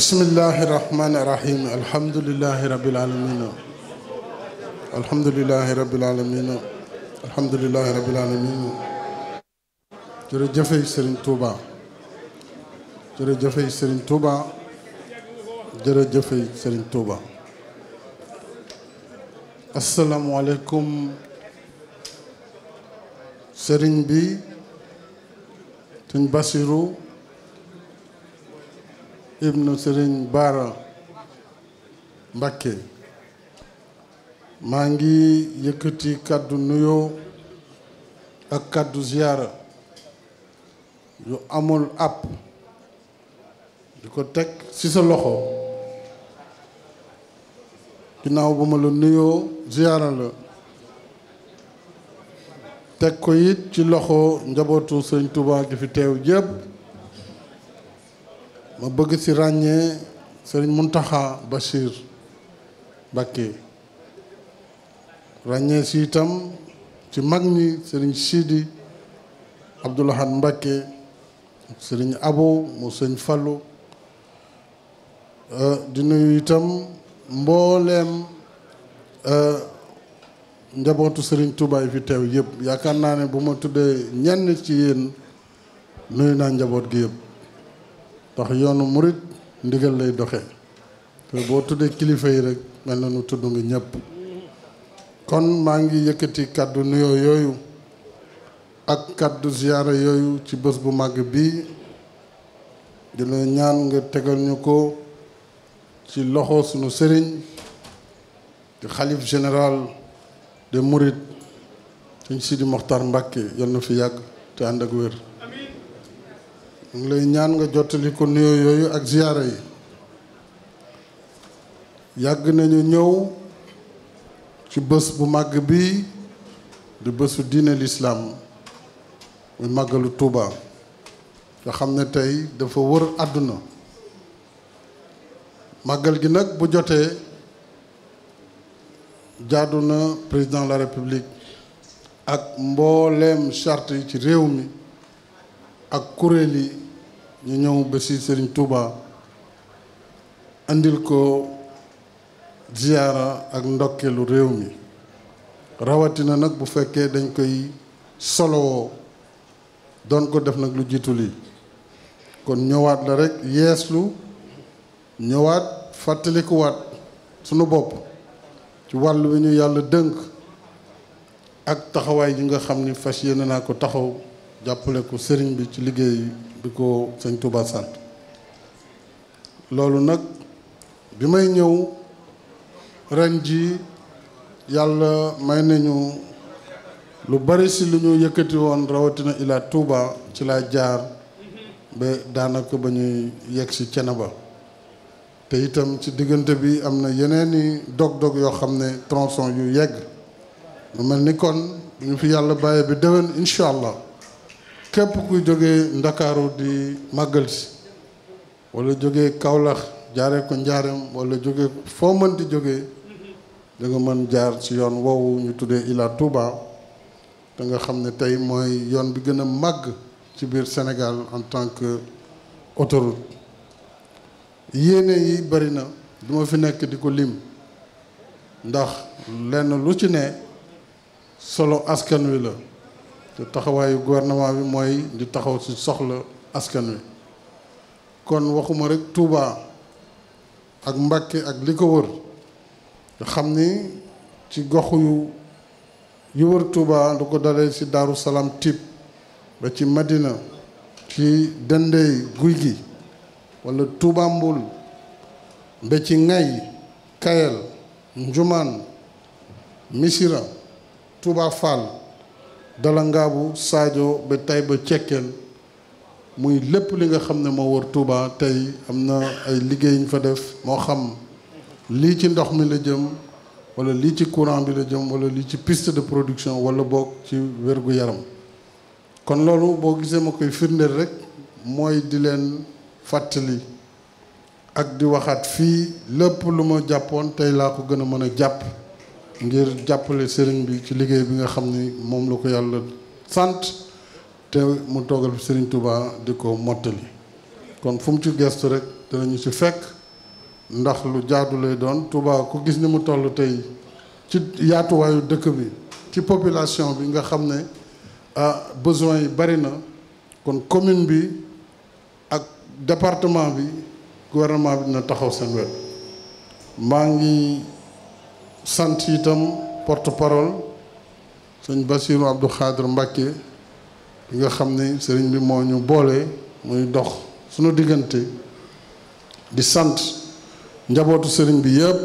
بسم الله الرحمن الرحيم الحمد لله رب العالمين الحمد لله رب العالمين الحمد لله رب العالمين جري جفاي سيرن توبا جري جفاي سيرن توبا جري جفاي سيرن توبا السلام عليكم سيرن بي تن Ibn Serigne Bara Mbacké Mangi ngi Kadunyo nuyo ak kaddu ziyara yu amul app di tek ci sa loxo ginnaaw ba ma la nuyo ziyara la tek ko ci loxo njabootu ma bëgg ci ràññee sëriñ Muntaxa Bachir Mbacké ràññee ci ci mag ñi sëriñ Sidi Abdoul Ahad Mbacké sëriñ Abo mu sëñ falu euh, di nuyu itam mbooleem euh, njabootu sëriñ Touba yi fi teew yëpp yaakaar naa ne bu ma tuddee ñenn ci yéen nuyu naa njaboot gi yëpp ndax yoonu murit ndigal lay doxe te boo tuddee kilifa yi rek mel na nu tudd nga ñëpp kon maa ngi yëkkati kàddu nuyoo yooyu ak kàddu ziyaara yooyu ci bés bu màgg bii dina la ñaan nga tegal ñu ko ci loxo sunu sëriñ di xalif général de Mouride sëñ Sidi Moxtar Mbàkke yal na fi yàgg te ànd ak wér mu ñaan nga jottali ko nuyoo yooyu ak ziyaara yi yàgg nañu ñëw ci bés bu màgg bi di bésu diine lislaam muy màggalu Tuuba nga xam ne tey dafa wër àdduna màggal gi nag bu jotee jaadu na président la république ak mbooleem charte yi ci réew mi ak kuréel yi ñu ñëw ba si Serigne Touba andil ko ziyaara ak ndokkeelu réew mi rawatina nag bu fekkee dañ koy solowoo doon ko def nag lu jiitu lii kon ñëwaat la rek yeeslu ñëwaat fàttalikuwaat sunu bopp ci wàll wi ñu yàlla dënk ak taxawaay yi nga xam ni fas yéene naa ko taxaw jàppale ko sëriñ bi ci liggéey bi ko sëñ Touba sant loolu nag bi may ñëw ren ji yàlla may nañu lu bari si lu ñu yëkkati woon rawatina Ila Touba ci laa jaar ba daanaka ba ñuy yegg si Thiénaba te itam ci diggante bi am na yeneeni dog-dog yoo xam ne tronçon yu yegg mu mel ni kon ñu fi yàlla bàyyi bi déwén incha allah képp kuy jóge ndakaaru di màggal si wala jóge kawlax jaaree ko njaareem walla jóge foo mën di jógee danga mën jaar ci yoon woowu ñu tuddee Ila Touba te nga xam ne tey mooy yoon bi gën a màgg ci biir Sénégal en tant que autoroute yéene yi bari na du fi nekk di ko lim ndax lenn lu ci ne solo askan wi la te taxawaayu gouvernement bi mooy di taxaw ci soxla askan wi kon waxuma rekk Touba ak mbakki ak li ko wër nga xam ni ci gox yu yu wër Touba du ko dalee ci Daaru Salaam Typ ba ci Madina ci Dendey Guy gi wala Touba Mbul ba ci Ngay Kayel Njumaan Misira Touba Fall dalangaabu Sadio ba tey ba cekkeen muy lépp li nga xam ne moo war Touba tey am na ay liggéey ñu fa def moo xam lii ci ndox mi la jëm wala lii ci courant bi la jëm wala lii ci piste de production wala boog ci wér-gu-yaram kon loolu boo gisee ma koy firndeel rek mooy di leen fàttali ak di waxaat fii lépp lu ma jàppoon tey laa ko gën a mën a jàpp ngir jàppale sëriñ bi ci liggéey bi nga xam ni moom la ko yàlla sant te mu toogal fi sëriñ Touba di ko mottali kon fu mu ci gestu rek danañu ci fekk ndax lu jaadu lay doon Touba ku gis ni mu toll tey ci yaatuwaayu dëkk bi ci population bi nga xam ne ah besoin yi bari na kon commune bi ak département bi gouvernement bi dina taxaw seen wet maa ngi. sant itam porte parole sëñ Bassirou Abdou khadir mbacke bi nga xam ni sëriñ bi moo ñu boole muy dox suñu diggante di sant njabootu sëriñ bi yëpp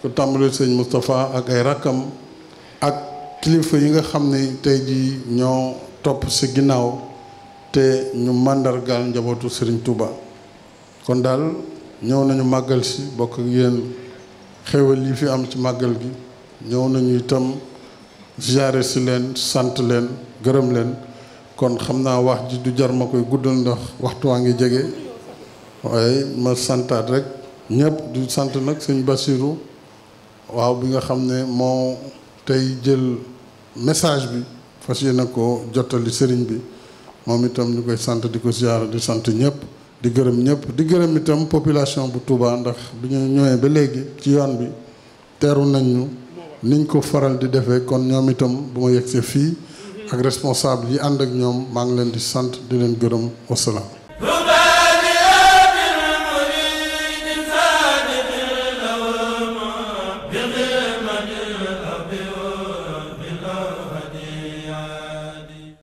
ko tàmbali sëñ mustapha ak ay rakam ak kilifa yi nga xam ni tey ji ñoo topp si ginnaaw te ñu mandargal njabootu sëriñ Touba kon daal ñëw nañu màggal si bokk ak xéewal yi fi am ci màggal gi ñëw nañu itam ziare si leen sant leen gërëm leen kon xam naa wax ji du jar ma koy guddal ndax waxtu waa ngi jege waaye ma santaat rek ñëpp du sant nag sëñ Basiru waaw bi nga xam ne moo tey jël message bi fas na ko jottali sëriñ bi moom itam ñu koy sant di ko siyaara di sant ñëpp. di gërëm ñëpp di gërëm itam population bu Touba ndax bi ñu ñëwee ba léegi ci yoon bi teru nañ ñu niñ ko faral di defee kon ñoom itam bu ma yegsee fii ak responsable yi ànd ak ñoom maa ngi leen di sant di leen gërëm wasalaam